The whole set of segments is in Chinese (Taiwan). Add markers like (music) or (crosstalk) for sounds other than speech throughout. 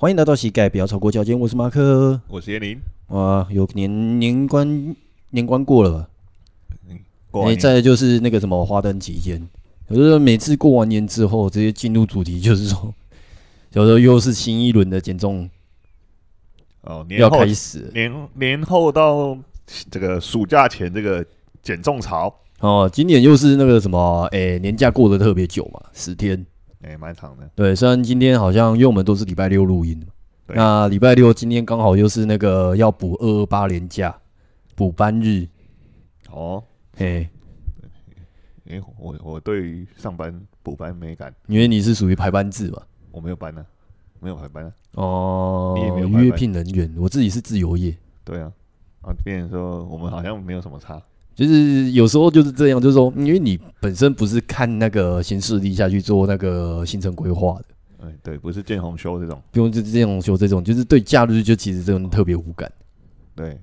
歡迎來到膝蓋，不要超過腳尖。我是馬克，我是葉林。哇、啊，有年年關，年關過了吧，嗯、欸，再來就是那個什麼花燈期間，有時候每次過完年之後，直接進入主題，就是說，有時候又是新一輪的減重哦，年後要開始，年年後到這個暑假前這個減重潮哦，啊，今年又是那個什麼，哎，欸，年假過得特別久嘛，十天。誒、欸，蠻長的。對，雖然今天好像，因為我們都是禮拜六錄音的嘛，對。那禮拜六今天剛好又是那個要補二二八連假、補班日。哦。嘿。誒，我我對上班補班沒感。因為你是屬於排班制嘛？我沒有班啊，沒有排班啊。哦。你也沒有約聘人員，我自己是自由業。對啊。啊，變成說我們好像沒有什麼差。嗯就是有時候就是這樣，就是說、嗯，因為你本身不是看那個行事歷下去做那個行程規劃的，哎，對，不是見紅休這種，不用就是見紅休這種，就是對假日就其實這種特別無感。對，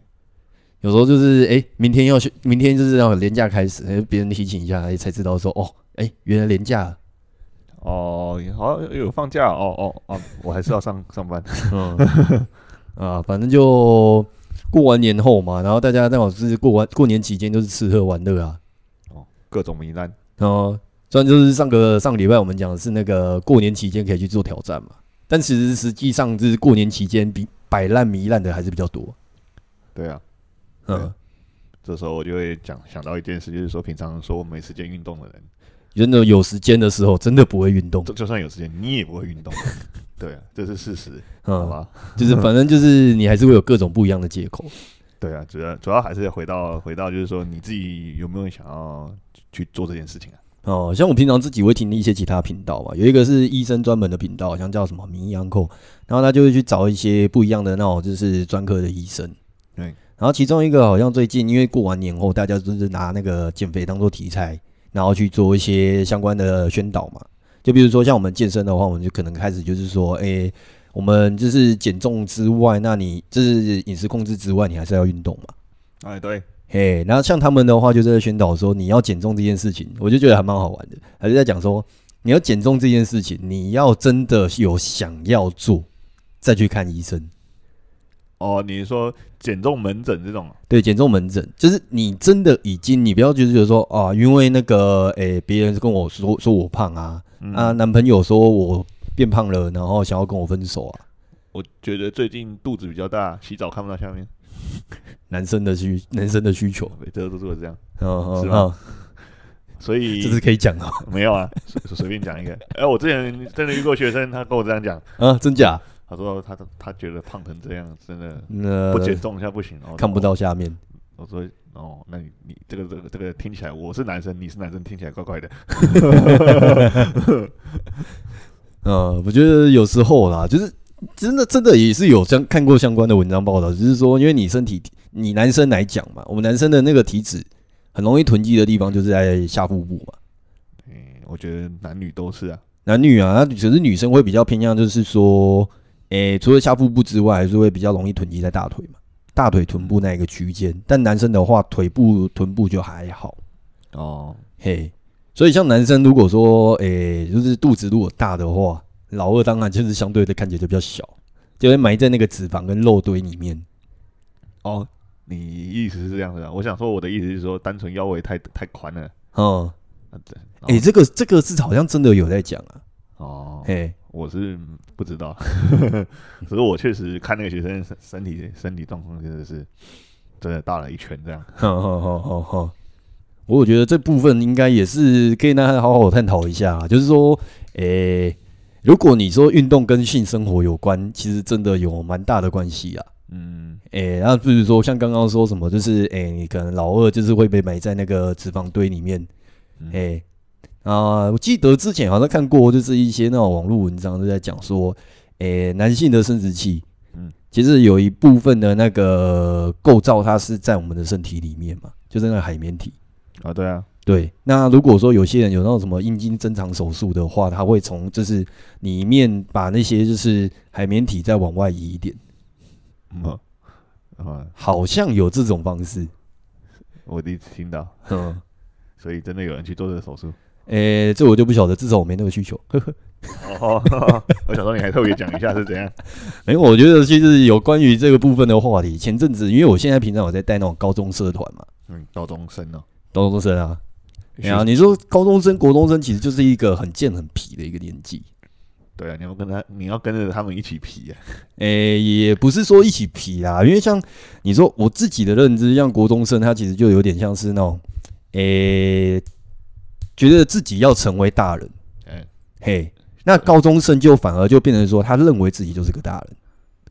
有時候就是哎、欸，明天要去，明天就是要連假開始，別人提醒一下，才才知道說哦，哎，原來連假，哦，好像有放假，哦哦哦，我還是要上上班，啊，反正就。過完年後嘛，然後大家正好是過完過年期間，就是吃喝玩樂啊，哦，各種糜爛。然、哦、後雖然就是上個上個禮拜我們講的是那個過年期間可以去做挑戰嘛，但其實實際上就是過年期間比擺爛糜爛的還是比較多對、啊。對啊，嗯，這時候我就會講想到一件事，就是說平常說沒時間運動的人，真的有時間的時候真的不會運動就，就算有時間你也不會運動。 (laughs) 對啊，這是事實、嗯，好吧？就是反正就是你還是會有各種不一樣的借口。 (laughs) 對啊，主要主要還是要回到回到就是說你自己有沒有想要去做這件事情啊？哦、嗯，像我平常自己會聽一些其他頻道吧，有一個是醫生專門的頻道，好像叫什麼名醫堂課，然後他就會去找一些不一樣的那種就是專科的醫生。對、嗯，然後其中一個好像最近因為過完年後大家就是拿那個減肥當做題材，然後去做一些相關的宣導嘛。就比如說像我們健身的話，我們就可能開始就是說，哎、欸，我們就是減重之外，那你就是飲食控制之外，你還是要運動嘛？哎，對，嘿，然後像他們的話，就是、在宣導說你要減重這件事情，我就覺得還蠻好玩的，還是在講說你要減重這件事情，你要真的有想要做，再去看醫生。哦，你說減重門診這種、啊？對，減重門診就是你真的已經，你不要就是覺得說啊，因為那個，哎、欸，別人跟我說說我胖啊。嗯、啊，男朋友說我變胖了，然後想要跟我分手啊！我覺得最近肚子比較大，洗澡看不到下面。 (laughs) 男生的需、嗯，男生的需求，每、這個都是我這樣，哦哦哦。所以這是可以講哦，沒有啊，隨隨便講一個。哎、 (laughs) 欸，我之前真的遇過學生，他跟我這樣講啊，真假？他說他他覺得胖成這樣，真的，那不減重一下不行哦，看不到下面。我說哦，那你你這個這個這個聽起來，我是男生，你是男生，聽起來怪怪的。呃、 (laughs) 嗯，我覺得有時候啦，就是真的真的也是有相看過相關的文章報道，只、就是說，因為你身體，你男生來講嘛，我們男生的那個體脂很容易囤積的地方就是在下腹部嘛。嗯，我覺得男女都是啊，男女啊，那只是女生會比較偏向，就是說，誒，除了下腹部之外，還是會比較容易囤積在大腿嘛。大腿、臀部那一個區間，但男生的話，腿部、臀部就還好哦。嘿、oh. hey,，所以像男生如果說，誒、欸，就是肚子如果大的話，老二當然就是相對的，看起來就比較小，就會埋在那個脂肪跟肉堆裡面。哦、oh.，你意思是這樣子啊？我想說，我的意思是說，單純腰圍太太寬了。哦，對，誒，這個這個是好像真的有在講啊。哦，嘿。我是不知道，可是我確實看那個學生身體身體狀況真的是真的大了一圈這樣，哈哈哈！哈，我我覺得這部分應該也是可以讓他好好探討一下啊，就是說，誒，如果你說運動跟性生活有關，其實真的有蠻大的關係啊，嗯，誒，那比如說像剛剛說什麼，就是誒、欸，你可能老二就是會被埋在那個脂肪堆裡面，誒。啊，我記得之前好像看過，就是一些那種網絡文章都在講說，誒、欸，男性的生殖器，嗯，其實有一部分的那個構造它是在我們的身體裡面嘛，就在、是、那個海綿體啊，對啊，對。那如果說有些人有那種什麼陰莖增長手術的話，他會從就是裡面把那些就是海綿體再往外移一點，嗯，啊、嗯嗯，好像有這種方式，我第一次聽到，嗯，所以真的有人去做這個手術。誒、欸，這我就不曉得，至少我沒那個需求。哦，oh, oh, oh, oh. (laughs) 我想到你還特別講一下是怎樣？哎、 (laughs) 欸，我覺得其實有關於這個部分的話題，前陣子因為我現在平常有在帶那種高中社團嘛，嗯，高中生呢、哦，高中生啊，對啊，你說高中生、國中生其實就是一個很賤、很皮的一個年紀，對啊，你要跟他，你要跟着他們一起皮啊，誒、欸，也不是說一起皮啦，因為像你說我自己的認知，像國中生，他其實就有點像是那種，誒、欸。覺得自己要成為大人，欸，嘿，那高中生就反而就變成說，他認為自己就是個大人，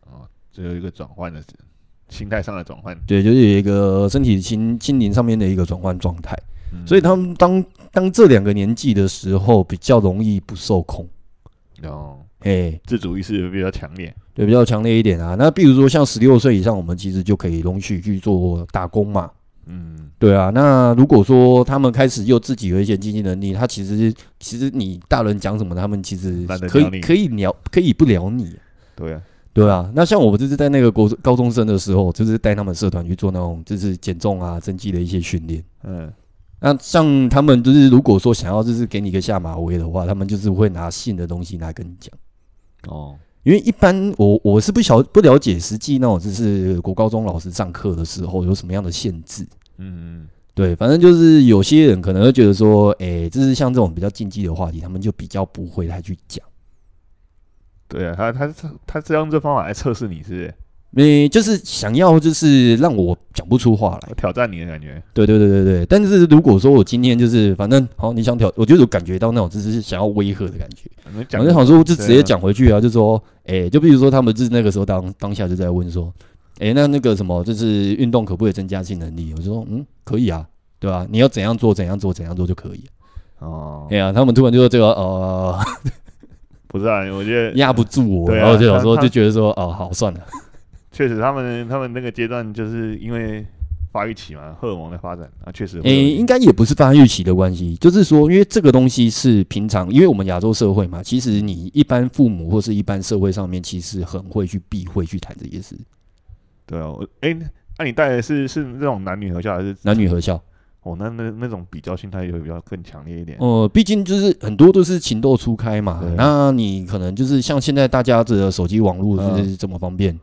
啊，哦，只有一個轉換的，心態上的轉換，對，就是有一個身體心心靈上面的一個轉換狀態，所以他們當當這兩個年紀的時候，比較容易不受控，哦，哎，欸，自主意識比較強烈，對，比較強烈一點啊。那比如說像十六歲以上，我們其實就可以容許去做打工嘛。嗯，對啊，那如果說他們開始又自己有一些經濟能力，他其實其實你大人講什麼，他們其實可以可以鳥，可以不鳥你、啊。嗯、對啊，對啊，那像我就是在那個國高中生的時候，就是帶他們社團去做那種就是減重啊、增肌的一些訓練。嗯，那像他們就是如果說想要就是給你一個下馬威的話，他們就是會拿新的東西拿來跟你講。哦。因為一般我我是不曉不了解實際那種，就是國高中老師上課的時候有什麼樣的限制。嗯，嗯，對，反正就是有些人可能會覺得說，哎、欸，就是像這種比較禁忌的話題，他們就比較不會太去講。對啊，他他他他是用這方法來測試你，是不是？你、欸、就是想要，就是讓我講不出話來，我挑戰你的感覺。對對對對對。但是如果說我今天就是，反正好，你想挑，我覺得有感覺到那種就是想要威嚇的感覺。我、啊、就好說，就直接講回去啊，啊，就說，哎、欸，就比如說他們就是那個時候當當下就在問說，哎、欸，那那個什麼，就是運動可不可以增加性能力？我就說，嗯，可以啊，對吧、啊？你要怎樣做怎樣做怎樣做就可以。哦、嗯，對、欸、呀、啊，他們突然就說這個，呃，不是啊，我就壓不住我，啊、然後就有時候就覺得說、嗯，哦，好，算了。確實，他們他們那個階段就是因為發育期嘛，荷爾蒙的發展啊確，確實。誒，應該也不是發育期的關係，就是說，因為這個東西是平常，因為我們亞洲社會嘛，其實你一般父母或是一般社會上面其實很會去避諱去談這些事。對啊，哎、欸，那、啊、你帶的是是這種男女合校還是男女合校？哦，那那那種比較心態也會比較更強烈一點。哦、呃，畢竟就是很多都是情竇初開嘛、啊，那你可能就是像現在大家這個手機網絡就是，是這麼方便。啊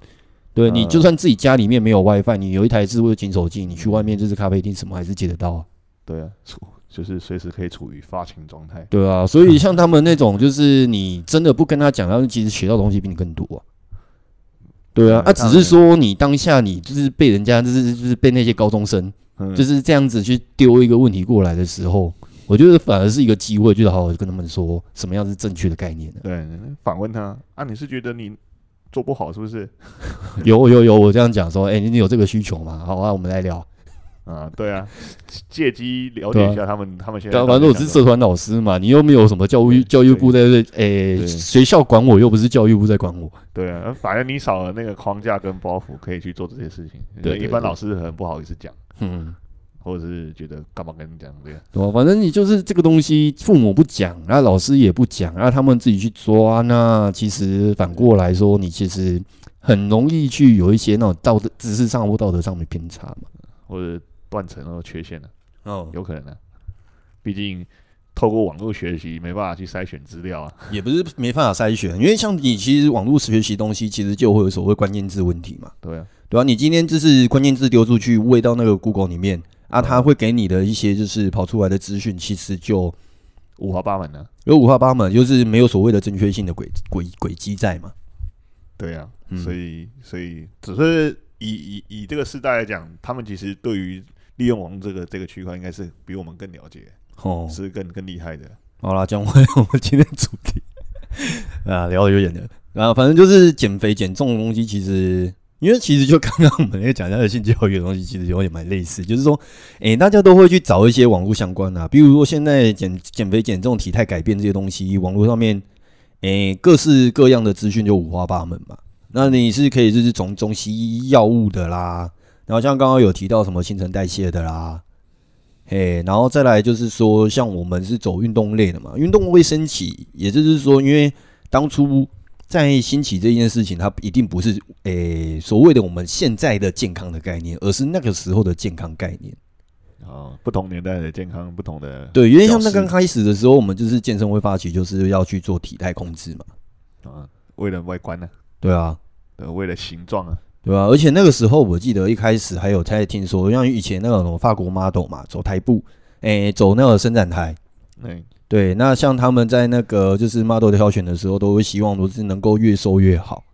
對，你就算自己家裡面沒有 WiFi，你有一台智慧型手機，你去外面就是咖啡廳，什麼還是接得到啊？對啊，處就是隨時可以處於發情狀態。對啊，所以像他們那種，就是你真的不跟他講，他們其實學到東西比你更多啊。對啊，那、嗯啊、只是說你當下你就是被人家就是就是被那些高中生、嗯、就是這樣子去丟一個問題過來的時候，我覺得反而是一個機會，就是好好跟他們說什麼樣是正確的概念呢、啊？對，反問他啊，你是覺得你？做不好是不是？ (laughs) 有有有，我這樣講說，哎、欸，你有這個需求嘛？好啊，我們來聊。啊、嗯，對啊，借機了解一下他們、啊、他們現在。反正我是社團老師嘛，你又沒有什麼教育教育部在這，誒、欸，學校管我又不是教育部在管我。對啊，反正你少了那個框架跟包袱，可以去做這些事情。對、就是，一般老師很不好意思講。嗯。或者是覺得幹嘛跟你講這樣對吧、啊？反正你就是這個東西，父母不講啊，老師也不講啊，他們自己去抓。那其實反過來說，你其實很容易去有一些那種道德、知識上或道德上的偏差嘛，或者斷層、或缺陷啊。哦、oh.，有可能啊，畢竟透過網絡學習，沒辦法去篩選資料啊。也不是沒辦法篩選，因為像你其實網絡學習東西，其實就會有所謂關鍵字問題嘛。對啊，對啊，你今天就是關鍵字丟出去，餵到那個 Google 裡面。啊，他會給你的一些就是跑出來的資訊，其實就五花八門的。有五花八門，就是沒有所謂的正確性的軌軌軌跡在嘛。對呀、啊，所以、嗯、所以只是以以以這個世代來講，他們其實對於利用網路這個這個區塊，應該是比我們更了解哦、嗯，是更更厲害的、哦。好啦，講回我們今天主題 (laughs) 啊，聊得有點的，然後反正就是減肥減重的東西，其實。因為其實就剛剛我們那講到的性教育的東西，其實有點蠻類似，就是說，哎、欸，大家都會去找一些網絡相關的、啊，比如說現在減減肥、減重、體態改變這些東西，網絡上面，哎、欸，各式各樣的資訊就五花八門嘛。那你是可以就是從中西醫藥物的啦，然後像剛剛有提到什麼新陳代謝的啦，哎，然後再來就是說，像我們是走運動類的嘛，運動會升起，也就是說，因為當初。在興起這件事情，它一定不是誒、欸、所謂的我們現在的健康的概念，而是那個時候的健康概念，哦，不同年代的健康，不同的對。因為，像那剛開始的時候，我們就是健身會發起，就是要去做體態控制嘛啊，為了外觀呢？啊，對啊，啊，為了形狀啊，對吧？啊，而且那個時候，我記得一開始還有才聽說，像以前那種法國 model 嘛，走台步，誒、欸，走那個伸展台，欸對，那像他們在那個就是 model 挑選的時候，都會希望都是能夠越瘦越好。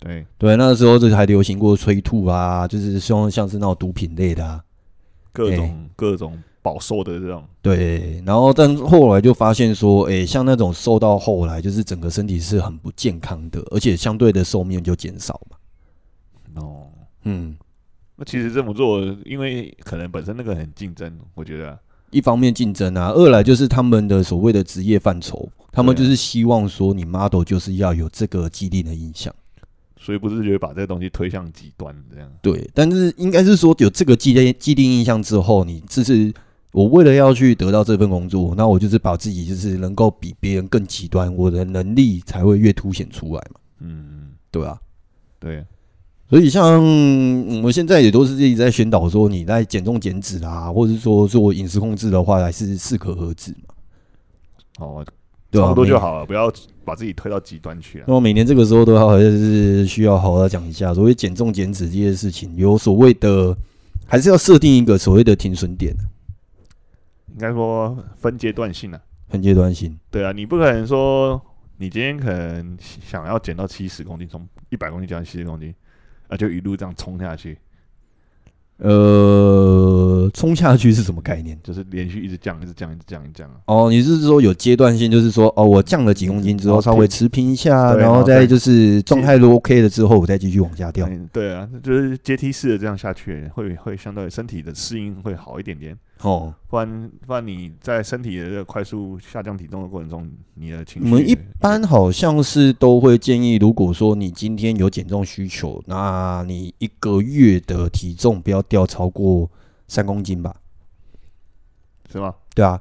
對對，那個時候就是還流行過催吐啊，就是希望像是那種毒品類的，啊，各種、欸、各種暴瘦的這種。對，然後但後來就發現說，哎、欸，像那種瘦到後來，就是整個身體是很不健康的，而且相對的壽命就減少嘛。哦、no，嗯，那其實這麼做，因為可能本身那個很競爭，我覺得、啊。一方面競爭啊，二來就是他們的所謂的職業範疇，他們就是希望說，你 model 就是要有這個既定的印象，所以不是覺得把這個東西推向極端這樣？對，但是應該是說有這個既定既定印象之後，你就是我為了要去得到這份工作，那我就是把自己就是能夠比別人更極端，我的能力才會越凸顯出來嘛。嗯嗯，對啊，對。所以，像我們現在也都是自己在宣導說，你在減重減脂啊，或者是說做飲食控制的話，還是適可而止嘛哦。哦、啊，差不多就好了，不要把自己推到極端去啊。我、嗯嗯嗯嗯嗯嗯嗯、每年這個時候都要好像是需要好好講一下，所謂減重減脂這件事情，有所謂的，還是要設定一個所謂的停損點。應該說分階段性啊，分階段性。對啊，你不可能說你今天可能想要減到七十公斤，從一百公斤減到七十公斤。那、啊、就一路這樣衝下去，呃，衝下去是什麼概念？就是連續一直降，一直降，一直降，一直降。哦，你是說有階段性？就是說，哦，我降了幾公斤之後，稍、嗯、微持平一下、嗯，然後再就是狀態都 OK 了之後，我再繼續往下掉、嗯。對啊，就是階梯式的這樣下去，會會相對身體的適應會好一點點。哦，不然，不然你在身體的這個快速下降體重的過程中，你的情緒，我們一般好像是都會建議，如果說你今天有減重需求，那你一個月的體重不要掉超過三公斤吧？是嗎？對啊，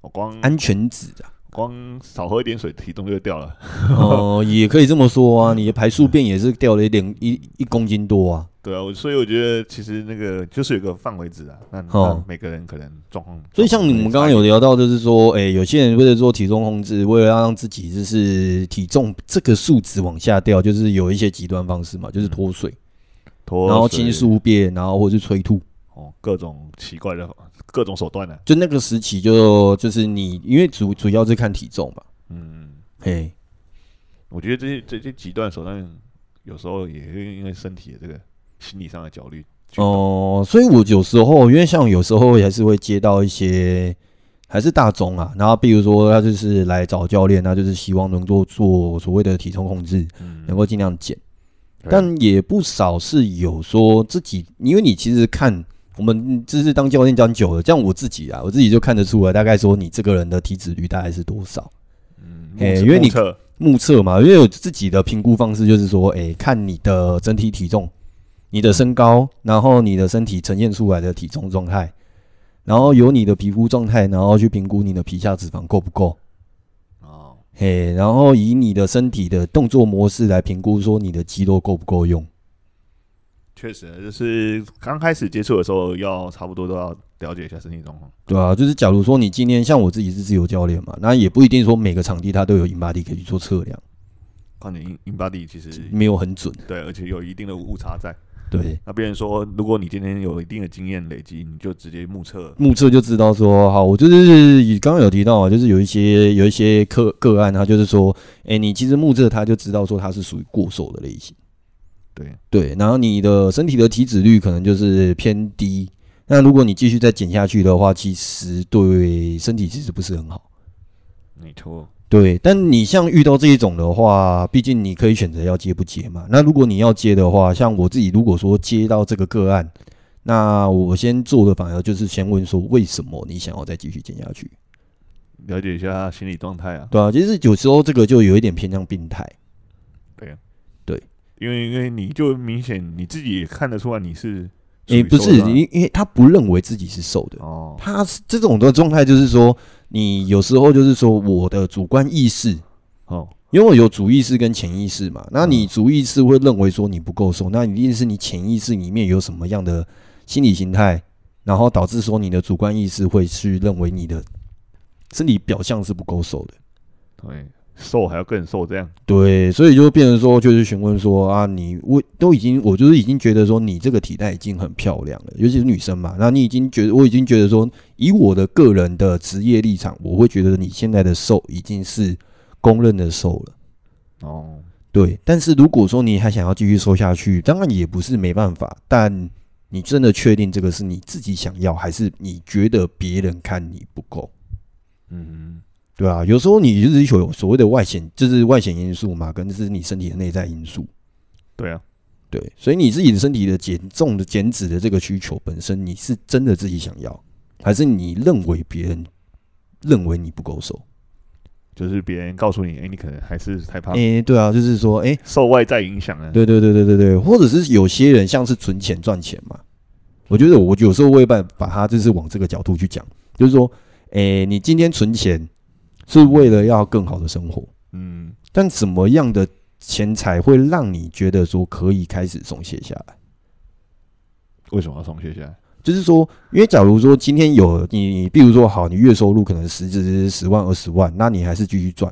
我光安全值啊。光少喝一點水，體重就掉了，嗯。哦， (laughs) 也可以這麼說啊，你的排宿便也是掉了一點、嗯、一一公斤多啊。對啊，所以我覺得其實那個就是有個範圍值啊那、嗯，那每個人可能狀況。所以像你們剛剛有聊到，就是說，哎、嗯欸，有些人為了做體重控制，為了要讓自己就是體重這個數值往下掉，就是有一些極端方式嘛，就是脫水，脫然後輕宿便，然後或者是催吐。各種奇怪的，各種手段呢、啊？就那個時期，就就是你，因為主主要是看體重嘛。嗯，嘿，我覺得這些極端手段，有時候也是因為身體的這個心理上的焦慮。哦、呃，所以我有時候因為像有時候還是會接到一些還是大眾啊，然後比如說他就是來找教練，他就是希望能夠做，做所謂的體重控制，嗯、能夠尽量減、嗯，但也不少是有說自己，因為你其實看。我們這是當教練教久了，這樣我自己啊，我自己就看得出來，大概說你這個人的體脂率大概是多少？嗯，哎，hey, 因為你目測嘛，因為有自己的評估方式，就是說，哎、欸，看你的整體體重、你的身高，然後你的身體呈現出來的體重狀態，然後有你的皮膚狀態，然後去評估你的皮下脂肪夠不夠。哦，嘿，然後以你的身體的動作模式來評估，說你的肌肉夠不夠用。確實，就是剛開始接觸的時候，要差不多都要了解一下身體狀況。對啊，就是假如說你今天像我自己是自由教練嘛，那也不一定說每個場地它都有 Inbody 可以去做測量，看你 In, Inbody 其實沒有很準，對，而且有一定的誤差在。對，那變成說，如果你今天有一定的經驗累積，你就直接目測，目測就知道說，好，我就是以剛剛有提到啊，就是有一些有一些個個案，他就是說，哎、欸，你其實目測他就知道說他是屬於過瘦的類型。對，然後你的身體的體脂率可能就是偏低，那如果你繼續再減下去的話，其實對身體其實不是很好。沒錯。對，但你像遇到這一種的話，畢竟你可以選擇要接不接嘛。那如果你要接的話，像我自己如果說接到這個個案，那我先做的反而就是先問說，為什麼你想要再繼續減下去，了解一下心理狀態啊。對啊，其實有時候這個就有一點偏向病態。對啊。因為因為你就明顯，你自己也看得出來你是瘦的，你、欸、不是你因為他不認為自己是瘦的哦，他是這種的狀態就是說，你有時候就是說我的主觀意識哦，因為我有主意識跟潛意識嘛，那你主意識會認為說你不夠瘦，哦、那一定是你潛意識裡面有什麼樣的心理形態，然後導致說你的主觀意識會去認為你的身體表象是不夠瘦的，對。瘦還要更瘦，這樣對，所以就變成說，就是詢問說啊，你我都已經，我就是已經覺得說，你這個體態已經很漂亮了，尤其是女生嘛，那你已經覺得，我已經覺得說，以我的個人的職業立場，我會覺得你現在的瘦已經是公認的瘦了。哦，對，但是如果說你還想要繼續瘦下去，當然也不是沒辦法，但你真的確定這個是你自己想要，還是你覺得別人看你不夠？嗯哼。對啊，有時候你就是有所謂的外顯，就是外顯因素嘛，跟這是你身體的內在因素。對啊，對，所以你自己的身體的減重的減脂的這個需求本身，你是真的自己想要，還是你認為別人認為你不夠瘦？就是別人告訴你，哎、欸，你可能還是太胖。哎，對啊，就是說，哎、欸，受外在影響啊。對對對對對對，或者是有些人像是存錢賺錢嘛，我覺得我有時候我一般把它就是往這個角度去講，就是說，哎、欸，你今天存錢。是為了要更好的生活，嗯，但什麼樣的錢才會讓你覺得說可以開始鬆懈下來？為什麼要鬆懈下來？就是說，因為假如說今天有你，你比如說好，你月收入可能十十十萬二十萬，那你還是繼續賺。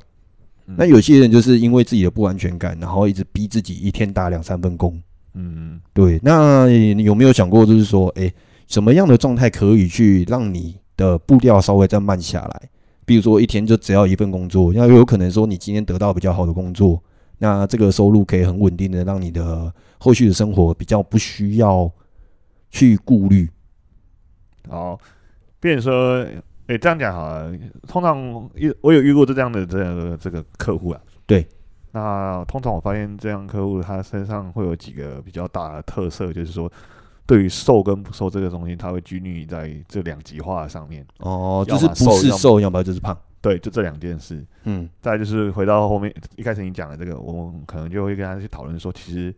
嗯、那有些人就是因為自己的不安全感，然後一直逼自己一天打兩三份工。嗯對。那你有沒有想過，就是說，誒、欸，什麼樣的狀態可以去讓你的步調稍微再慢下來？嗯比如說，一天就只要一份工作，那有可能說你今天得到比較好的工作，那這個收入可以很穩定的讓你的後續的生活比較不需要去顧慮。好，變成說，哎、欸，這樣講好了，通常遇我有遇過這樣的這樣的這個客戶啊，對，那通常我發現這樣客戶他身上會有幾個比較大的特色，就是說。對於瘦跟不瘦這個東西，它會拘泥在這兩極化的上面哦，就是不是瘦，要不然就是胖，對，就這兩件事。嗯，再就是回到後面一開始你講的這個，我們可能就會跟他去討論說，其實、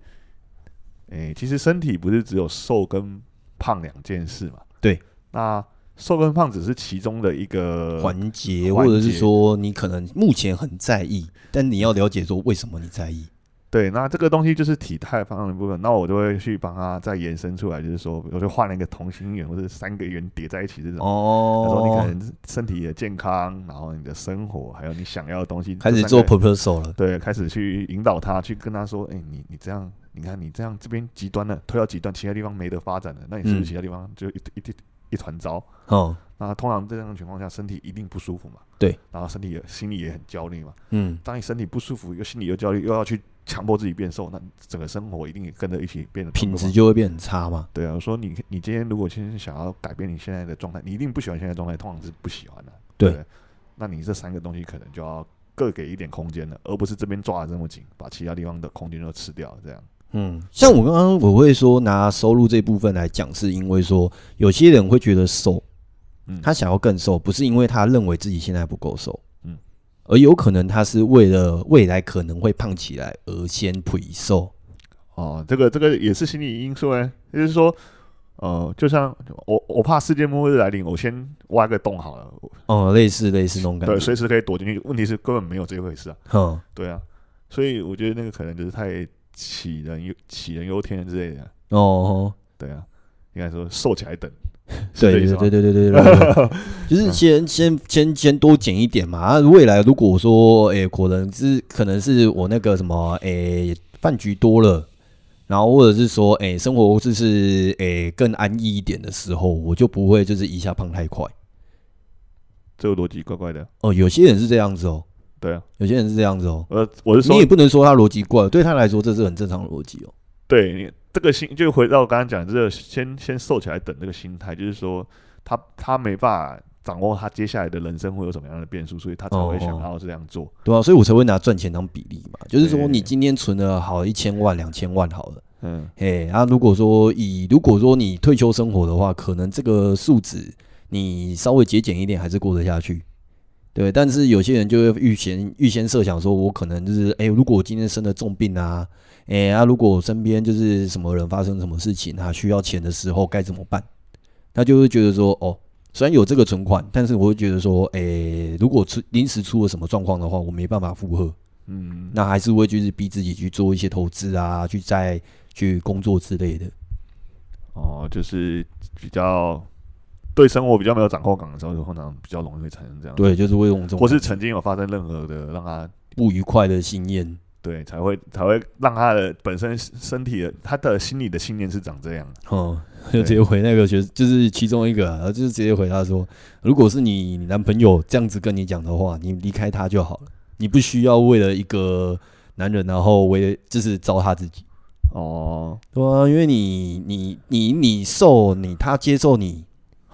欸，其實身體不是只有瘦跟胖兩件事嘛？對，那瘦跟胖只是其中的一個環節，或者是說你可能目前很在意，但你要了解說為什麼你在意。對，那這個東西就是體態方面的部分，那我就會去幫他再延伸出來，就是說，我就畫了一個同心圓或者三個圓疊在一起這種。哦。他說你可能身體也健康，然後你的生活還有你想要的東西、那個，開始做 proposal 了。對，開始去引導他，去跟他說，哎、欸，你你這樣，你看你這樣這邊極端了，推到極端，其他地方沒得發展了，那你是不是其他地方就一、嗯、一一團糟？哦。那通常這樣的情況下，身體一定不舒服嘛。對。然後身體也心裡也很焦慮嘛。嗯。當你身體不舒服，又心裡又焦慮，又要去。強迫自己變瘦，那整個生活一定跟着一起變得品質就會變差嘛。對啊，我說你你今天如果先想要改變你現在的狀態，你一定不喜歡現在狀態，通常是不喜歡的啊。對，那你這三個東西可能就要各給一點空間了，而不是這邊抓得這麼緊，把其他地方的空間都吃掉。這樣，嗯，像我剛剛我會說拿收入這部分來講，是因為說有些人會覺得瘦，嗯，他想要更瘦，不是因為他認為自己現在不夠瘦。而有可能他是為了未來可能會胖起來而先肥瘦。哦，這個這個也是心理因素誒，就是說，呃，就像我我怕世界末日來臨，我先挖個洞好了。哦，類似類似那種感覺。對，隨時可以躲進去。問題是根本沒有這回事啊。嗯，對啊，所以我覺得那個可能就是太杞人杞人憂天之類的。哦，對啊，應該說瘦起來等。對對對對對對，對， (laughs) 就是先先先先，先多減一點嘛，啊、未來如果說，哎、欸，可能是可能是我那個什麼，哎、欸，飯局多了，然後或者是說，哎、欸，生活就是哎、欸、更安逸一點的時候，我就不會就是一下胖太快。這個邏輯怪，怪怪的哦、呃。有些人是這樣子哦，對啊，有些人是這樣子哦。呃，我是說，你也不能說他邏輯怪，對他來說這是很正常的邏輯哦。對，你這個心就回到我剛剛講，就是先先瘦起來等這個心態，就是說他他沒辦法掌握他接下來的人生會有什麼樣的變數，所以他才會想要這樣做哦哦，對啊，所以，我才會拿賺錢當比例嘛，就是說你今天存了好一千萬、兩千萬好了，嗯，哎，那、啊、如果說以如果說你退休生活的話，可能這個數值你稍微節儉一點還是過得下去，對。但是有些人就會預先預先設想說，我可能就是誒、欸，如果我今天生了重病啊。哎、欸、那、啊、如果身邊就是什麼人發生什麼事情他、啊、需要錢的時候該怎麼辦？他就會覺得說，哦，雖然有這個存款，但是我會覺得說，哎、欸、如果出臨時出了什麼狀況的話，我沒辦法負荷。嗯，那還是會就是逼自己去做一些投資啊，去再去工作之類的。哦，就是比較對生活比較沒有掌控感的時候，就可能比較容易會產生這樣。對，就是會用這種。或是曾經有發生任何的讓他不愉快的經驗。對，才會才會讓他的本身身體的，他的心理的信念是長這樣。哦、嗯，就直接回那個學，就是就是其中一個、啊，然後就是直接回他說，如果是你男朋友這樣子跟你講的話，你離開他就好了，你不需要為了一個男人，然後為就是糟蹋自己。哦、對、啊、因為你你你你，你受你他接受你、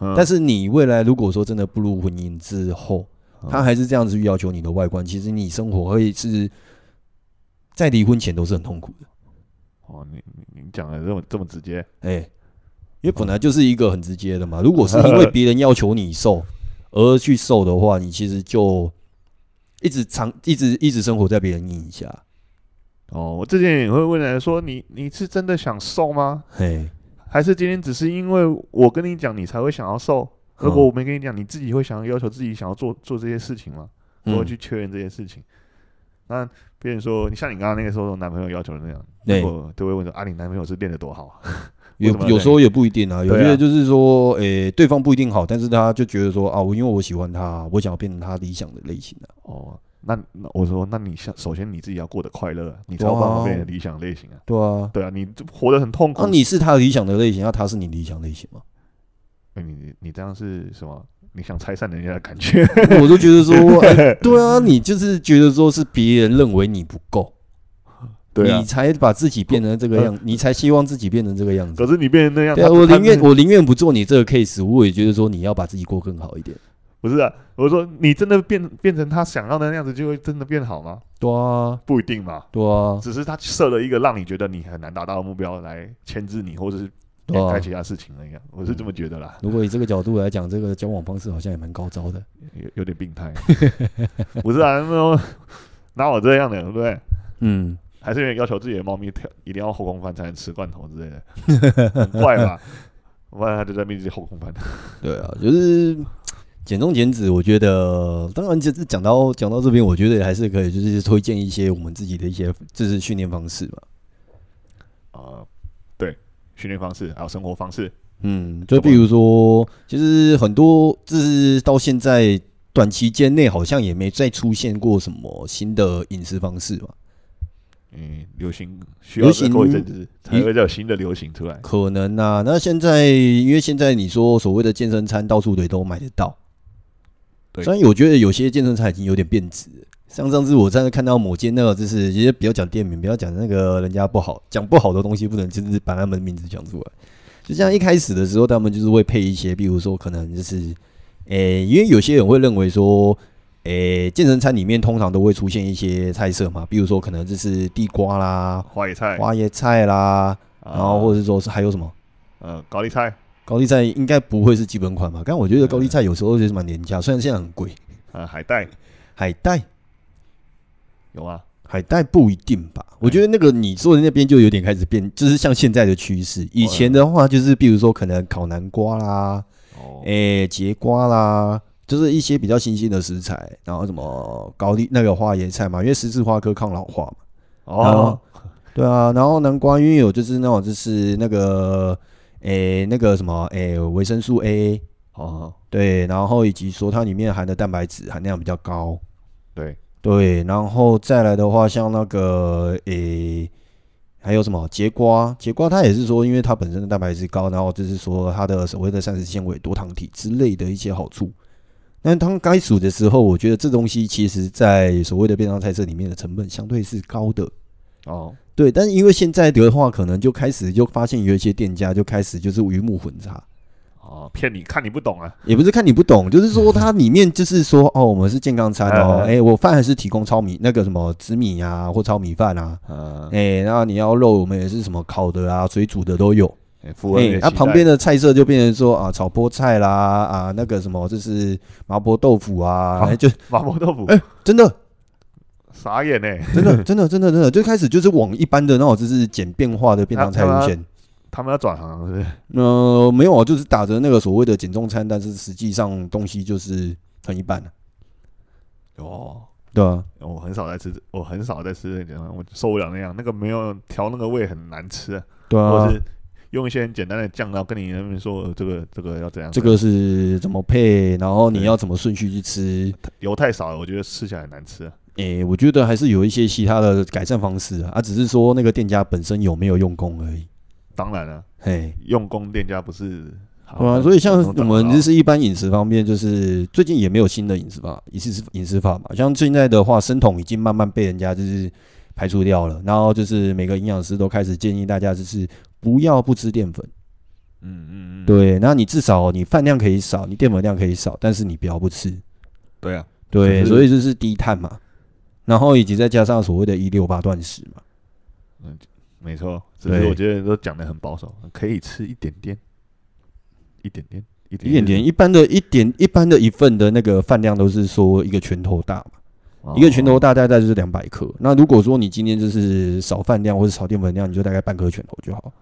嗯，但是你未來如果說真的步入婚姻之後、嗯，他還是這樣子去要求你的外觀，其實你生活會是。在離婚前都是很痛苦的，哦，你你你講的這麼這麼直接，哎，因為本來就是一個很直接的嘛。哦、如果是因為別人要求你瘦而去瘦的話，你其實就一直長，一直一直生活在別人陰影下。哦，我之前也會問人說，你你是真的想瘦嗎？哎，還是今天只是因為我跟你講，你才會想要瘦，嗯？如果我沒跟你講，你自己會想要，要求自己想要做做這些事情嗎？我、嗯、如何去確認這些事情。那別人說，你像你剛剛那個時候男朋友要求的那樣，對、欸，就會問說啊，你男朋友是變得多好？有 (laughs) 有時候也不一定啊。有些就是說，誒、啊欸，對方不一定好，但是他就覺得說啊，我因為我喜歡他，我想要變成他理想的類型啊。哦，那我說，那你想首先你自己要過得快樂，你才會變成理想類型啊。對啊，對啊，對啊，你活得很痛苦。那你是他理想的類型，那、啊、他是你理想的類型嗎？欸、你你你這樣是什麼？你想拆散人家的感覺， (laughs) 我都覺得說，欸、對啊，你就是覺得說是別人認為你不夠，你才把自己變成這個樣，你才希望自己變成這個樣子。可是你變成那樣，我寧願我寧願不做你這個 case，我也覺得說你要把自己過更好一點。不是啊，我說你真的變變成他想要的那樣子，就會真的變好嗎？對啊，不一定嘛，對啊，只是他設了一個讓你覺得你很難達到的目標來牽制你，或者是。對、啊，幹其他事情了呀、啊，我是這麼覺得啦。嗯、如果以這個角度來講， (laughs) 這個交往方式好像也蠻高招的，有有點病態。 (laughs) 不是啊， (laughs) 哪有這樣的對不對？嗯，還是因為要求自己的貓咪一定要後空翻才能吃罐頭之類的， (laughs) 很怪吧？ (laughs) 我發現它就在面前後空翻。對啊，就是減重減脂，我覺得當然其實講到講到這邊，我覺得還是可以就是推薦一些我們自己的一些就是訓練方式吧。啊、呃。訓練方式還有生活方式，嗯，就比如說，其實很多，就是到現在短期間內好像也沒再出現過什麼新的飲食方式吧？嗯，流行需要過一陣子才會有新的流行出來，嗯，可能啊。那現在因為現在你說所謂的健身餐到處都都買得到，雖然我覺得有些健身餐已經有點變質。像上次我在那看到某間那個，就是其實不要講店名，比較講那個人家不好，講不好的東西不能就是把他們的名字講出來。就像一開始的時候，他們就是會配一些，比如說可能就是，誒，因為有些人會認為說，誒，健身餐裡面通常都會出現一些菜色嘛，比如說可能就是地瓜啦、花椰菜、花椰菜啦，然後或者是說還有什麼？嗯，高麗菜，高麗菜應該不會是基本款吧？但我覺得高麗菜有時候就是蠻廉價，雖然現在很貴。啊，海帶，海帶。懂啊，海帶不一定吧？我覺得那個你說的那邊就有點開始變，嗯、就是像現在的趨勢。以前的話，就是比如說可能烤南瓜啦，哦，誒、欸，節瓜啦，就是一些比較新鮮的食材。然後什麼高麗那個花椰菜嘛，因為十字花科抗老化嘛。哦，對啊，然後南瓜因為有就是那種就是那個，誒、欸、那個什麼，誒、欸、維生素 A 哦，對，然後以及說它裡面含的蛋白質含量比較高，對。對，然後再來的話，像那個，誒、欸，還有什麼節瓜？節瓜它也是說，因為它本身的蛋白質高，然後就是說它的所謂的膳食纖維、多糖體之類的一些好處。那當該數的時候，我覺得這東西其實在所謂的便當菜色裡面的成本相對是高的。哦，對，但是因為現在的話，可能就開始就發現有一些店家就開始就是魚目混雜。哦，騙你看你不懂啊，也不是看你不懂，就是說它裡面就是說 (laughs) 哦，我們是健康餐哦，哎、嗯欸嗯，我飯還是提供糙米那個什麼紫米啊或糙米飯啊，嗯，哎、欸，然後你要肉，我們也是什麼烤的啊、水煮的都有，哎、欸，它、欸啊、旁邊的菜色就變成說啊，炒菠菜啦啊，那個什麼就是麻婆豆腐啊，啊欸、就麻婆豆腐，哎、欸，真的，傻眼哎、欸，真的真的真的真的，最開始就是往一般的那種就是簡便化的便當菜路線。他們要轉行，是不是？那、呃、沒有、啊，就是打着那個所謂的“減重餐”，但是實際上東西就是很一般、啊。哦，對啊，我、哦很，哦、很少在吃，我很少在吃那減我受不了那樣。那個沒有調，調那個味很難吃、啊。對啊，或者用一些很簡單的醬料，跟你那邊說這個這個要怎樣？這個是怎麼配？然後你要怎麼順序去吃？油太少了，我覺得吃起來很難吃、啊。誒、欸，我覺得還是有一些其他的改善方式啊，啊只是說那個店家本身有沒有用功而已。當然了，嘿，用功店家不是好啊，啊，所以像我們就是一般飲食方面，就是最近也沒有新的飲食法，飲食飲食法嘛，像現在的話，生酮已經慢慢被人家就是排除掉了，然後就是每個營養師都開始建議大家就是不要不吃澱粉，嗯嗯嗯，對，那你至少你飯量可以少，你澱粉量可以少，但是你不要不吃，對啊，對，是是，所以就是低碳嘛，然後以及再加上所謂的“一六八”斷食嘛，嗯。沒錯，所以我覺得都講得很保守，可以吃一點點，一點點，一點點，一點點，一般的一點，一般的一份的那個飯量都是說一個拳頭大嘛，哦、一個拳頭大大概就是兩百克、哦。那如果說你今天就是少飯量或者少澱粉量，你就大概半顆拳頭就好。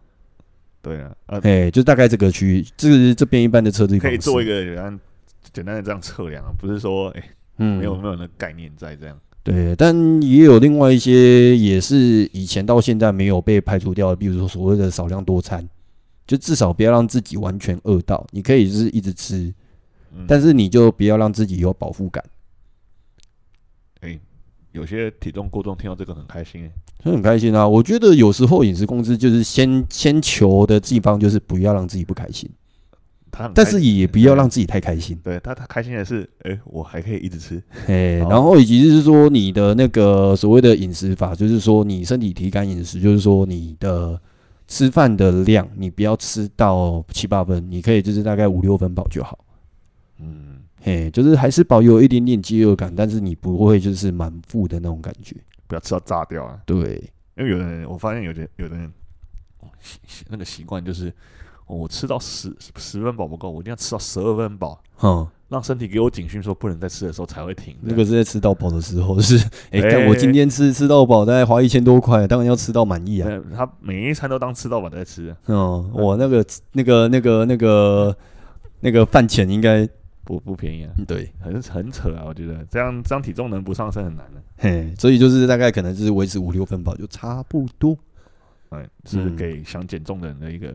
對啊，呃，哎、hey,，就大概這個區域，就是、這這邊一般的測試可以做一個簡單的這樣測量啊，不是說哎，嗯、欸，沒有沒有那個概念在這樣。嗯對，但也有另外一些，也是以前到現在沒有被排除掉的，比如說所謂的少量多餐，就至少不要讓自己完全餓到，你可以是一直吃，嗯，但是你就不要讓自己有飽腹感。哎，欸，有些體重過重，聽到這個很開心哎，欸，很很開心啊！我覺得有時候飲食控制就是先先求的地方，就是不要讓自己不開心。但是也不要讓自己太開心。對他，他開心的是，哎，我還可以一直吃，嘿。然後以及就是說，你的那個所謂的飲食法，就是說你身體體感飲食，就是說你的吃飯的量，你不要吃到七八分，你可以就是大概五六分飽就好。嗯，嘿，就是還是保有一點點飢餓感，但是你不會就是滿腹的那種感覺，不要吃到炸掉啊。對，因為有的人，我發現有些有的人，習那個習慣就是。哦、我吃到十十分飽不夠，我一定要吃到十二分飽，嗯，讓身體給我警訊說不能再吃的時候才會停。那個是在吃到飽的時候，就是，哎、欸欸欸，我今天吃吃到飽，大概花一千多塊，當然要吃到滿意啊，欸。他每一餐都當吃到飽在吃，嗯，嗯，我那個那個那個那個那個飯錢應該不不便宜啊。對，很很扯啊，我覺得這樣這樣體重能不上升很難的。嘿，欸，所以就是大概可能就是維持五六分飽就差不多，哎，欸，是，是給、嗯、想減重的人的一個。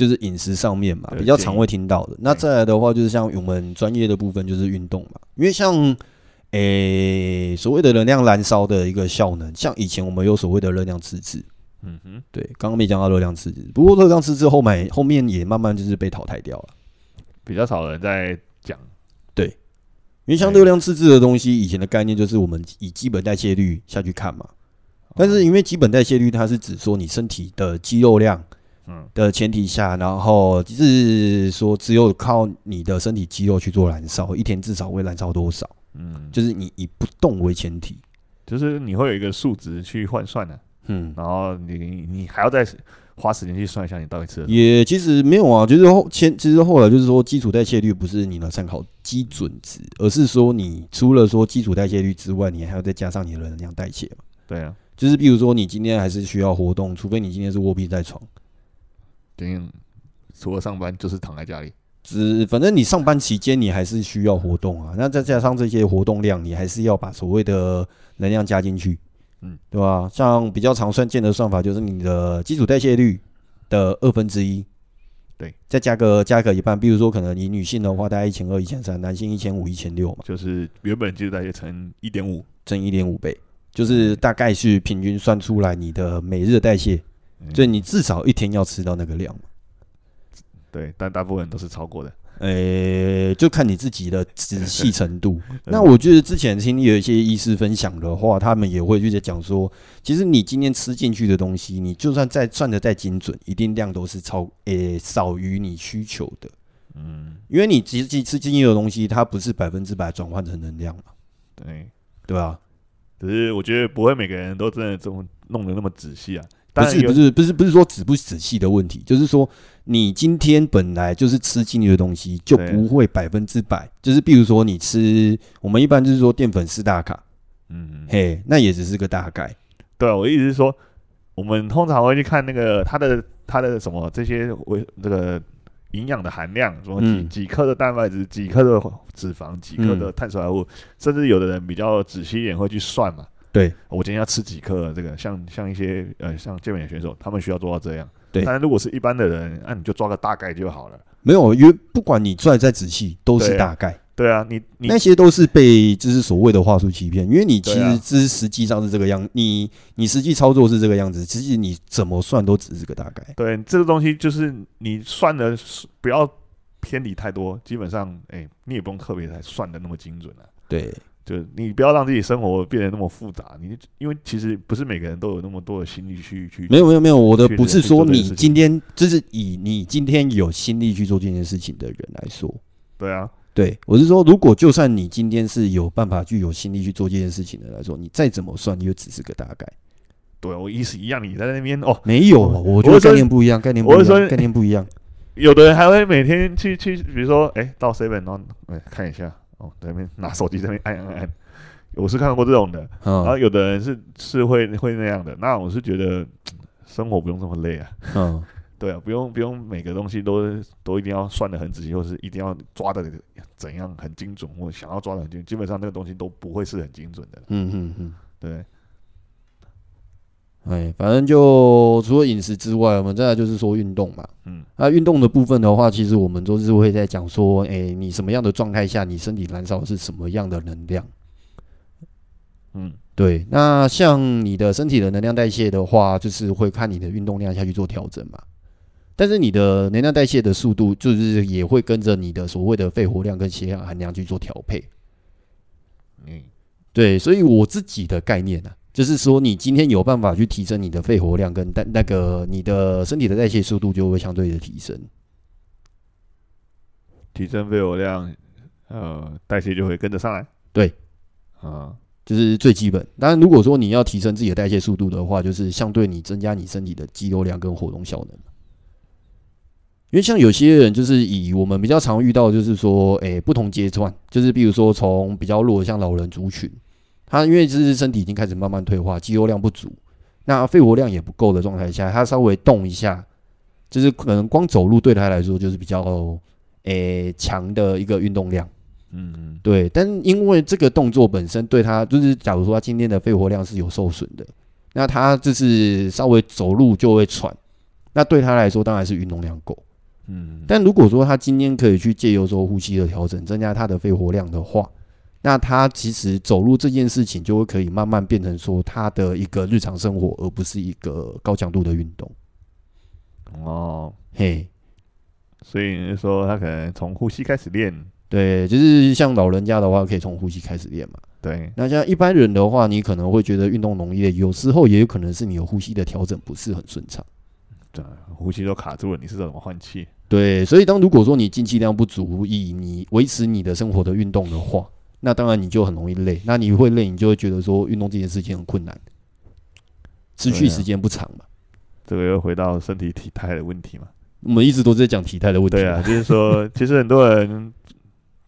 就是飲食上面嘛，比較常會聽到的。那再來的話，就是像我們專業的部分，就是運動嘛。因為像，誒、欸，所謂的熱量燃燒的一個效能，像以前我們有所謂的熱量赤字，嗯哼，對，剛剛沒講到熱量赤字，不過熱量赤字後面後面也慢慢就是被淘汰掉了，比較少人在講，對。因為像熱量赤字的東西，以前的概念就是我們以基本代謝率下去看嘛，但是因為基本代謝率，它是指說你身體的肌肉量。的前提下，然後就是說，只有靠你的身體肌肉去做燃燒，一天至少會燃燒多少？嗯，就是你以不動為前提，就是你會有一個數值去換算的啊。嗯，然後你你還要再花時間去算一下，你到底吃了，也其實沒有啊，就是後前其實後來就是說，基礎代謝率不是你能參考基準值，而是說你除了說基礎代謝率之外，你還要再加上你的能量代謝，對啊，就是比如說你今天還是需要活動，除非你今天是臥病在床。等於除了上班就是躺在家裡，只反正你上班期間你還是需要活動啊，那再加上這些活動量，你還是要把所謂的能量加進去，嗯，對吧？像比較常算見的算法就是你的基礎代謝率的二分之一，對，再加個加個一半，比如說可能你女性的話，大概一千二、一千三，男性一千五、一千六嘛，就是原本基礎代謝乘一點五，乘一點五倍，就是大概是平均算出來你的每日的代謝。所以你至少一天要吃到那個量嘛？對，但大部分人都是超過的。誒、欸，就看你自己的仔細程度。 (laughs) 那我覺得之前聽你有一些醫師分享的話，他們也會就在講說，其實你今天吃進去的東西，你就算再算的再精準，一定量都是超，誒、欸，少於你需求的。嗯，因為你實際吃進去的東西，它不是百分之百轉換成能量嘛？對，對啊。只是我覺得不會每個人都真的這麼弄得那麼仔細啊。但是也不是不是不是說仔不仔細的問題，就是說你今天本來就是吃進去的東西就不會百分之百，就是比如說你吃，我們一般就是說澱粉四大卡，嗯，嘿，那也只是個大概，嗯。對，我意思是說，我們通常會去看那個它的它的什麼這些維這個營養的含量，什麼幾幾克的蛋白質，幾克的脂肪，幾克的碳水化合物，甚至有的人比較仔細一點會去算嘛。對，我今天要吃幾克？這個像像一些呃，像健美的選手，他們需要做到這樣。對，當然，如果是一般的人，那、啊、你就抓個大概就好了。沒有，因為不管你算再仔細，都是大概。對啊，對啊，你，你那些都是被就是所謂的話術欺騙，因為你其實這實際上是這個樣子，啊，你你實際操作是這個樣子，實際你怎麼算都只是個大概。對，這個東西就是你算的不要偏離太多，基本上哎、欸，你也不用特別的算的那麼精準了，啊。對。就你不要讓自己生活變得那麼複雜，你因為其實不是每個人都有那麼多的心力去去。沒有沒有沒有，我的不是說你今天就是以你今天有心力去做這件事情的人來說，對啊，對我是說，如果就算你今天是有辦法去有心力去做這件事情的人來說，你再怎麼算，你也只是個大概。對我意思一樣，你在那邊哦，沒有，我覺得概念不一樣，概念，我是說概念不一樣，有的人還會每天去去，比如說哎、欸，到 Seven 然後哎看一下。哦，在那邊拿手機在那邊按按按，我是看過這種的，哦、然後有的人是是會會那樣的。那我是覺得生活不用這麼累啊，嗯、哦， (laughs) 對啊，不用不用每個東西都都一定要算得很仔細，或是一定要抓得怎樣很精準，或者想要抓得很精準精，基本上那個東西都不會是很精準的。嗯嗯嗯，對。哎，反正就除了飲食之外，我們再來就是說運動嘛。嗯，那、啊、運動的部分的話，其實我們都是會在講說，哎、欸，你什麼樣的狀態下，你身體燃燒的是什麼樣的能量？嗯，對。那像你的身體的能量代謝的話，就是會看你的運動量下去做調整嘛。但是你的能量代謝的速度，就是也會跟着你的所謂的肺活量跟血氧含量去做調配。嗯，對。所以我自己的概念呢、啊。就是說，你今天有辦法去提升你的肺活量，跟代那個你的身體的代謝速度就會相對的提升。提升肺活量，呃，代謝就會跟着上來。對，啊，就是最基本。但如果說你要提升自己的代謝速度的話，就是相對你增加你身體的肌肉量跟活動效能。因為像有些人，就是以我們比較常遇到，就是說，哎，不同階段，就是比如說從比較弱，像老人族群。他因為就是身體已經開始慢慢退化，肌肉量不足，那肺活量也不夠的狀態下，他稍微動一下，就是可能光走路對他來說就是比較誒，強的一個運動量，嗯，嗯對。但因為這個動作本身對他，就是假如說他今天的肺活量是有受損的，那他就是稍微走路就會喘，那對他來說當然是運動量夠，嗯，嗯。但如果說他今天可以去借由做呼吸的調整，增加他的肺活量的話。那他其實走路這件事情就會可以慢慢變成說他的一個日常生活，而不是一個高強度的運動。哦，嘿，所以你就說他可能從呼吸開始練。對，就是像老人家的話，可以從呼吸開始練嘛。對，那像一般人的話，你可能會覺得運動濃烈有時候也有可能是你有呼吸的調整不是很順暢，對，呼吸都卡住了，你是怎麼換氣？對，所以當如果說你進氣量不足以你維持你的生活的運動的話。那當然你就很容易累，那你會累，你就會覺得說運動這件事情很困難，持續時間不長嘛、啊，這個又回到身體體態的問題嘛。我們一直都在講體態的問題，對啊，就是說 (laughs) 其實很多人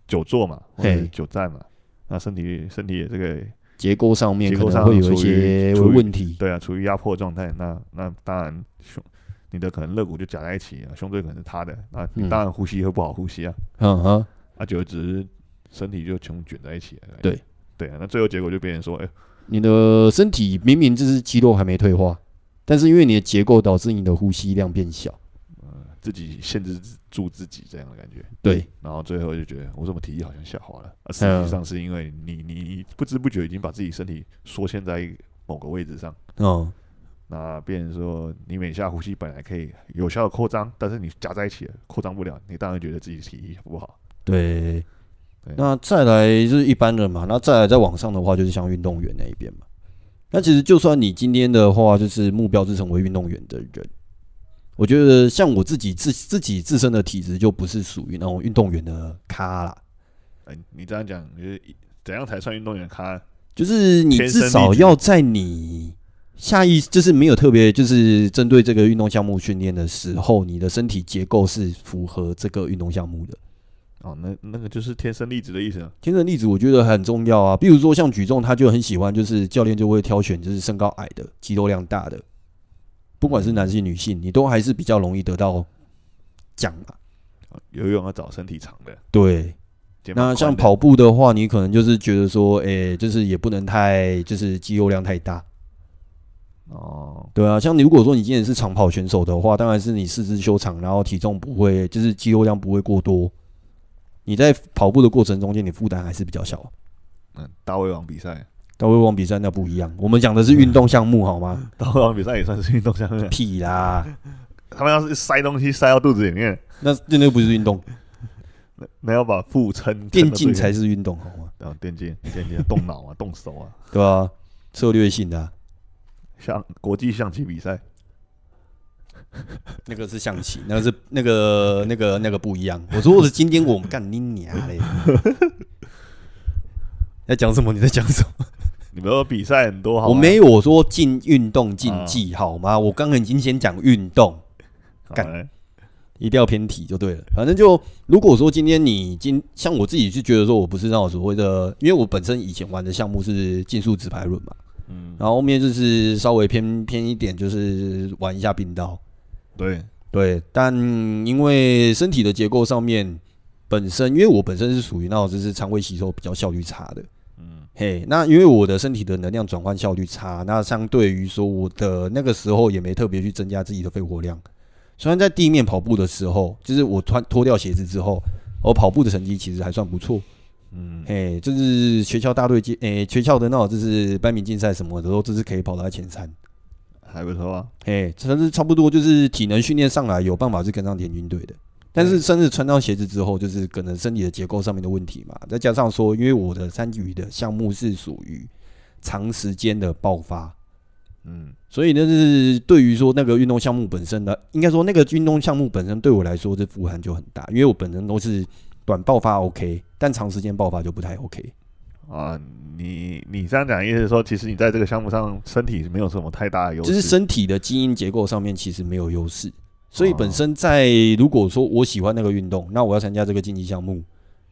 久坐嘛，對，久站嘛，hey, 那身體身體這個結構上面可能會有一些問題，對啊，處於壓迫狀態，那那當然胸你的可能肋骨就夾在一起啊，胸椎可能是塌的，那你當然呼吸會不好呼吸啊，嗯哼、啊，就一直。身體就全部捲在一起了。對對啊，那最後結果就變成說，哎、欸，你的身體明明就是肌肉還沒退化，但是因為你的結構導致你的呼吸量變小，嗯、呃，自己限制住自己這樣的感覺。對，然後最後就覺得我怎麼體力好像下滑了？實際上是因為你你，你不知不覺已經把自己身體縮陷在某個位置上。哦、嗯，那變成說你每下呼吸本來可以有效的擴張，但是你夾在一起了，擴張不了，你當然覺得自己體力不好。對。那再來就是一般人嘛，那再來再往上的話就是像運動員那一邊嘛。那其實就算你今天的話，就是目標是成為運動員的人，我覺得像我自己自自己自身的體質就不是屬於那種運動員的咖啦。哎、欸，你這樣講，就是怎樣才算運動員咖？就是你至少要在你下意識，就是沒有特別就是針對這個運動項目訓練的時候，你的身體結構是符合這個運動項目的。哦，那那個就是天生麗質的意思。啊，天生麗質我覺得很重要啊。比如說像舉重，他就很喜歡，就是教練就會挑選就是身高矮的、肌肉量大的，不管是男性女性，你都還是比較容易得到獎啊。游泳要找身體長的。對。那像跑步的話，你可能就是覺得說，哎、欸，就是也不能太就是肌肉量太大。哦、呃，對啊。像你如果說你今天是長跑選手的話，當然是你四肢修長，然後體重不會就是肌肉量不會過多。你在跑步的過程中間，你負擔還是比較小、啊。嗯，大胃王比賽，大胃王比賽那不一樣。我們講的是運動項目，好嗎？嗯、大胃王比賽也算是運動項目。屁啦！他們要是塞東西塞到肚子裡面，那那又不是運動。那那要把腹撐。電競才是運動，好嗎？然後電競，電競動腦啊，動手啊，對吧、啊？策略性的、啊，像國際象棋比賽。 (laughs) 那個是象棋，那個是那個那個那個不一樣。我說我是今天我們幹你娘嘞， (laughs) 在講什麼？你在講什麼？ (laughs) 你們比賽很多，我沒有。說競運動競技好嗎？啊、我剛剛已經先講運動，幹，一定要偏題就對了。反正就如果說今天你今像我自己就覺得說我不是那種所謂的，因為我本身以前玩的項目是競速直排輪嘛，嗯，然後後面就是稍微偏偏一點，就是玩一下冰刀。對，對，但因為身體的結構上面本身，因為我本身是屬於那種就是腸胃吸收比較效率差的，嗯，嘿，那因為我的身體的能量轉換效率差，那相對於說我的那個時候也沒特別去增加自己的肺活量，雖然在地面跑步的時候，就是我穿脫掉鞋子之後，我、哦、跑步的成績其實還算不錯，嗯，嘿，就是學校大隊進，誒、欸，學校的那種就是班際競賽什麼的，都，這是可以跑到前三。還不錯啊，嘿，甚至差不多就是體能訓練上來有辦法是跟上田徑隊的，但是甚至穿上鞋子之後，就是可能身體的結構上面的問題嘛，再加上說，因為我的三級的項目是屬於長時間的爆發，嗯，所以那就是對於說那個運動項目本身的，應該說那個運動項目本身對我來說這負荷就很大，因為我本身都是短爆發 OK，但長時間爆發就不太 OK。啊，你你這樣講，意思是說，其實你在這個項目上身體沒有什麼太大的優勢，就是身體的基因結構上面其實沒有優勢，所以本身在如果說我喜歡那個運動，哦，那我要參加這個競技項目，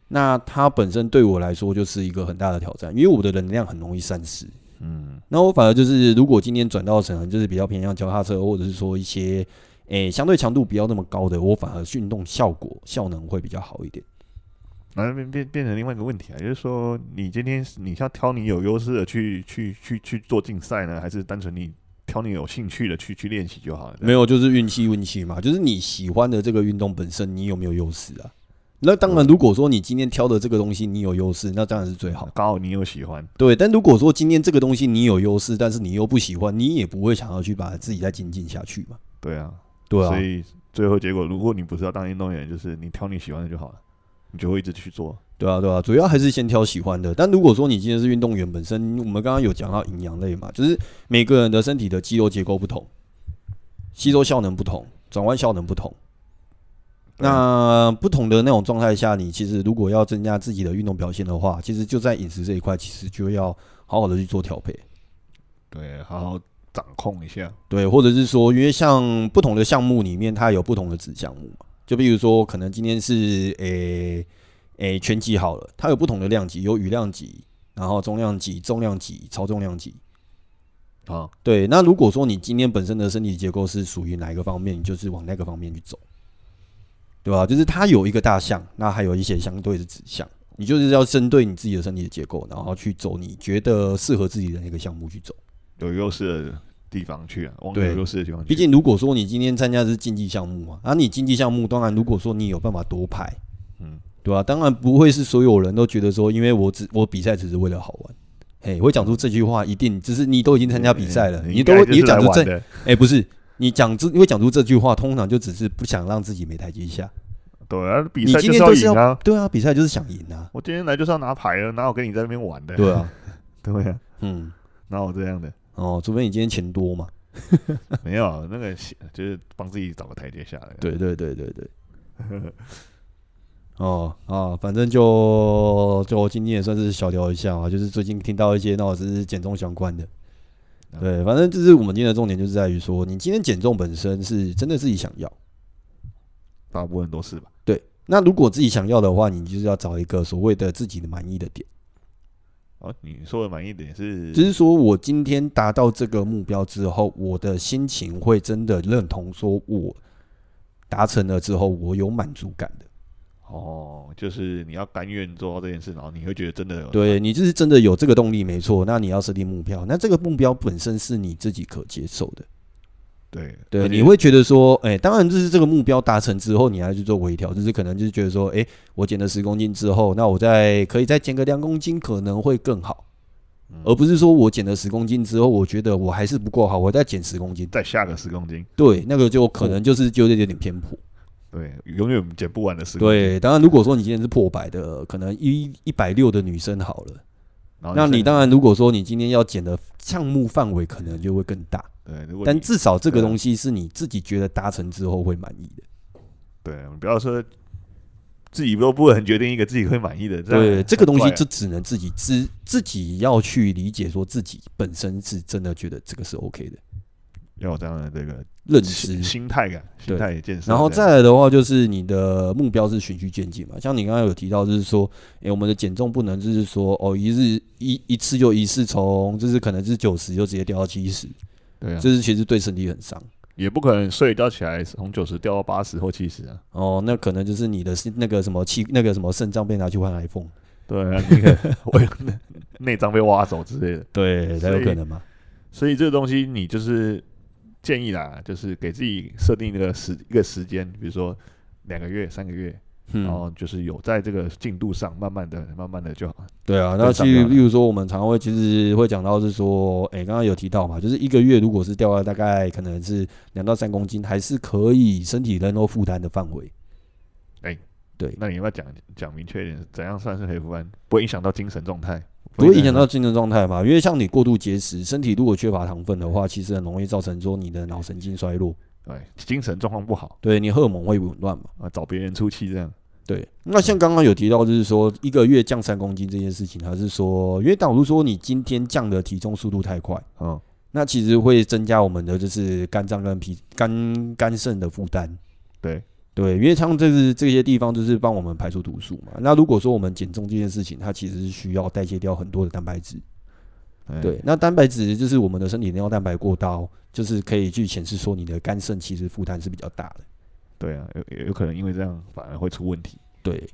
那它本身對我來說就是一個很大的挑戰，因為我的能量很容易散失。嗯，那我反而就是，如果今天轉到沈恆，就是比較偏向腳踏車，或者是說一些誒、欸、相對強度不要那麼高的，我反而運動效果效能會比較好一點。那變變變成另外一個問題啊，就是說，你今天你是要挑你有優勢的去去去去做競賽呢，還是單純你挑你有興趣的去去練習就好了？沒有，就是運氣運氣嘛，就是你喜歡的這個運動本身，你有沒有優勢啊？那當然，如果說你今天挑的這個東西你有優勢，那當然是最好，剛好你有喜歡。對，但如果說今天這個東西你有優勢，但是你又不喜歡，你也不會想要去把自己再精進下去嘛？對啊，對啊。所以最後結果，如果你不是要當運動員，就是你挑你喜歡的就好了。你就會一直去做，對啊，對啊。主要還是先挑喜歡的。但如果說你今天是運動員本身，我們剛剛有講到營養類嘛，就是每個人的身體的肌肉結構不同，吸收效能不同，轉彎效能不同。那不同的那種狀態下，你其實如果要增加自己的運動表現的話，其實就在飲食這一塊，其實就要好好的去做調配，對，好好掌控一下，對，或者是說，因為像不同的項目裡面，它有不同的子項目嘛。就比如說，可能今天是誒誒拳擊，好了，它有不同的量級，有羽量級，然後中量級、重量級、超重量級啊。對，那如果說你今天本身的身體結構是屬於哪一個方面，你就是往那個方面去走，對吧？就是它有一個大項，那還有一些相對的指向，你就是要針對你自己的身體的結構，然後去走你覺得適合自己的那個項目去走。對，又是。地方去啊，往有優勢的地方去。畢竟，如果說你今天參加的是競技項目嘛、啊，啊，你競技項目，當然，如果說你有辦法奪牌。嗯，對啊，當然不會是所有人都覺得說，因為我只我比賽只是為了好玩，哎，會講出這句話，一定只是你都已經參加比賽了欸欸欸你，你都你講出這，哎、欸，不是你講這，會講出這句話，通常就只是不想讓自己沒台階下。對啊，比賽就是要，啊是要對啊，比賽就是想贏啊。我今天來就是要拿牌啊，哪有跟你在那邊玩的？對啊， (laughs) 對啊，嗯，哪有這樣的？哦，除非你今天錢多嘛。沒有， (laughs) 那個就是幫自己找個台階下來。對對對對對。呵 (laughs) 呵、哦。哦啊，反正就就今天也算是小聊一下啊，就是最近聽到一些那我是減重相關的，啊。對，反正就是我們今天的重點就是在於說，你今天減重本身是真的自己想要，大部分都是吧。對，那如果自己想要的話，你就是要找一個所謂的自己的滿意的點。哦，你說的滿意點是，只是說我今天達到這個目標之後，我的心情會真的認同，說我達成了之後，我有滿足感的。哦，就是你要甘願做到這件事，然後你會覺得真的有、這個，對，你就是真的有這個動力，沒錯。那你要設定目標，那這個目標本身是你自己可接受的。對對，你會覺得說，哎、欸，當然就是這個目標達成之後，你還去做微調，就是可能就是覺得說，哎、欸，我減了十公斤之後，那我再可以再減個兩公斤，可能會更好，嗯、而不是說我減了十公斤之後，我覺得我還是不夠好，我再減十公斤，再下個十公斤，對，那個就可能就是有點有點偏頗，對，永遠減不完的十公斤，對，當然如果說你今天是破百的，可能一一百六的女生好了。那你當然，如果說你今天要減的項目範圍，可能就會更大。對，如果，但至少這個東西是你自己覺得達成之後會滿意的。對，你不要說自己都不會，很決定一個自己會滿意的，真的很快啊。對，這個東西就只能自己自自己要去理解，說自己本身是真的覺得這個是 OK 的。要有這樣的這個態認識心態感、心態也健。然後再來的話，就是你的目標是循序漸進嘛。像你剛才有提到，就是說，哎、欸，我們的減重不能就是說，哦，一日一一次就一次從，就是可能是九十就直接掉到七十，對、啊，這是其實對身體很傷，也不可能睡一覺起來從九十掉到八十或七十啊。哦，那可能就是你的那個什麼氣，那個什麼腎臟被拿去換 iPhone，對、啊，那個可能內臟被挖走之類的，對，才有可能嘛。所以，所以這個東西，你就是。建議啦，就是給自己設定一個時一個時間，比如說兩個月、三個月、嗯，然後就是有在這個進度上，慢慢的、慢慢的就好。對啊。那其實，例如說，我們常，常會其實會講到是說，哎、欸，剛剛有提到嘛，就是一個月如果是掉了大概可能是兩到三公斤，還是可以身體能夠負擔的範圍。哎、欸，對，那你要不要講講明確一點，怎樣算是可負擔，不會影響到精神狀態？不會影響到精神狀態嘛？因為像你過度節食，身體如果缺乏糖分的話，其實很容易造成說你的腦神經衰弱，對，精神狀況不好。對，你荷爾蒙會紊亂嘛？啊，找別人出氣這樣。對，那像剛剛有提到，就是說一個月降三公斤這件事情，還是說，因為假如說你今天降的體重速度太快，啊，那其實會增加我們的就是肝臟跟脾肝肝腎的負擔，對。對，因為像這是這些地方，就是幫我們排除毒素嘛。那如果說我們減重這件事情，它其實是需要代謝掉很多的蛋白質。欸、對，那蛋白質就是我們的身體尿蛋白過高，就是可以去顯示說你的肝腎其實負擔是比較大的。對啊，有有可能因為這樣反而會出問題。對，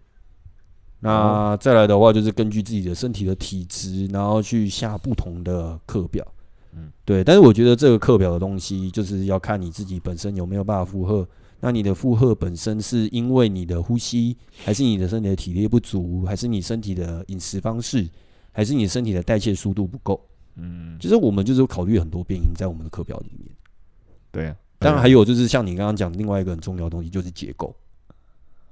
那再來的話就是根據自己的身體的體質，然後去下不同的課表。嗯，對，但是我覺得這個課表的東西，就是要看你自己本身有沒有辦法負荷。那你的負荷本身是因為你的呼吸，還是你的身體的體力不足，還是你身體的飲食方式，還是你身體的代謝速度不夠？嗯，其實我們就是考慮很多變因，在我們的課表裡面。對啊，當然還有就是像你剛剛講的另外一個很重要的東西，就是結構、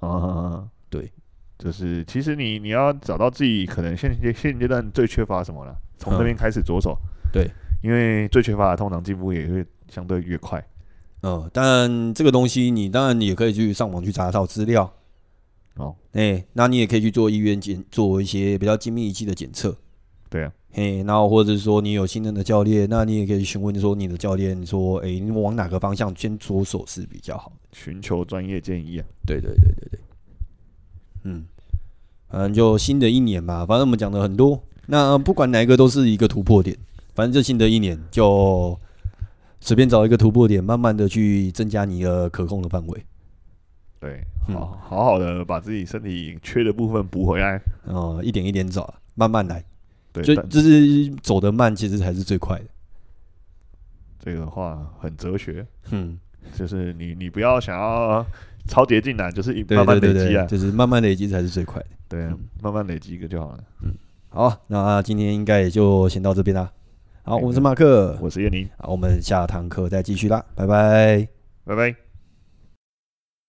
嗯。啊，對，就是其實你你要找到自己可能現階現階段最缺乏什麼了，從這邊開始着手、嗯。對，因為最缺乏的通常進步也會相對越快。嗯，但這個東西你當然也可以去上網去查找資料，哦，哎，那你也可以去做醫院檢做一些比較精密儀器的檢測，對啊，嘿，然後或者說你有信任的教練，那你也可以詢問說你的教練說，哎、欸，你往哪個方向先著手是比較好？尋求專業建議啊，對對對對對，嗯，反正就新的一年吧，反正我們講的很多，那不管哪一個都是一個突破點，反正就新的一年就。隨便找一個突破點，慢慢的去增加你的可控的範圍。對，好、嗯、好好的把自己身體缺的部分補回來。哦，一點一點找，慢慢來。對，就就是，是走得慢，其實才是最快的。這個話很哲學。嗯，就是你你不要想要抄捷徑，就是慢慢累積啊，對對對對，就是慢慢累積才是最快的。對，慢慢累積一個就好了。嗯，好、啊，那、啊、今天應該也就先到這邊啦。好，我是馬克，嗯，我是葉妮，好，我們下堂課再繼續啦，拜拜，拜拜。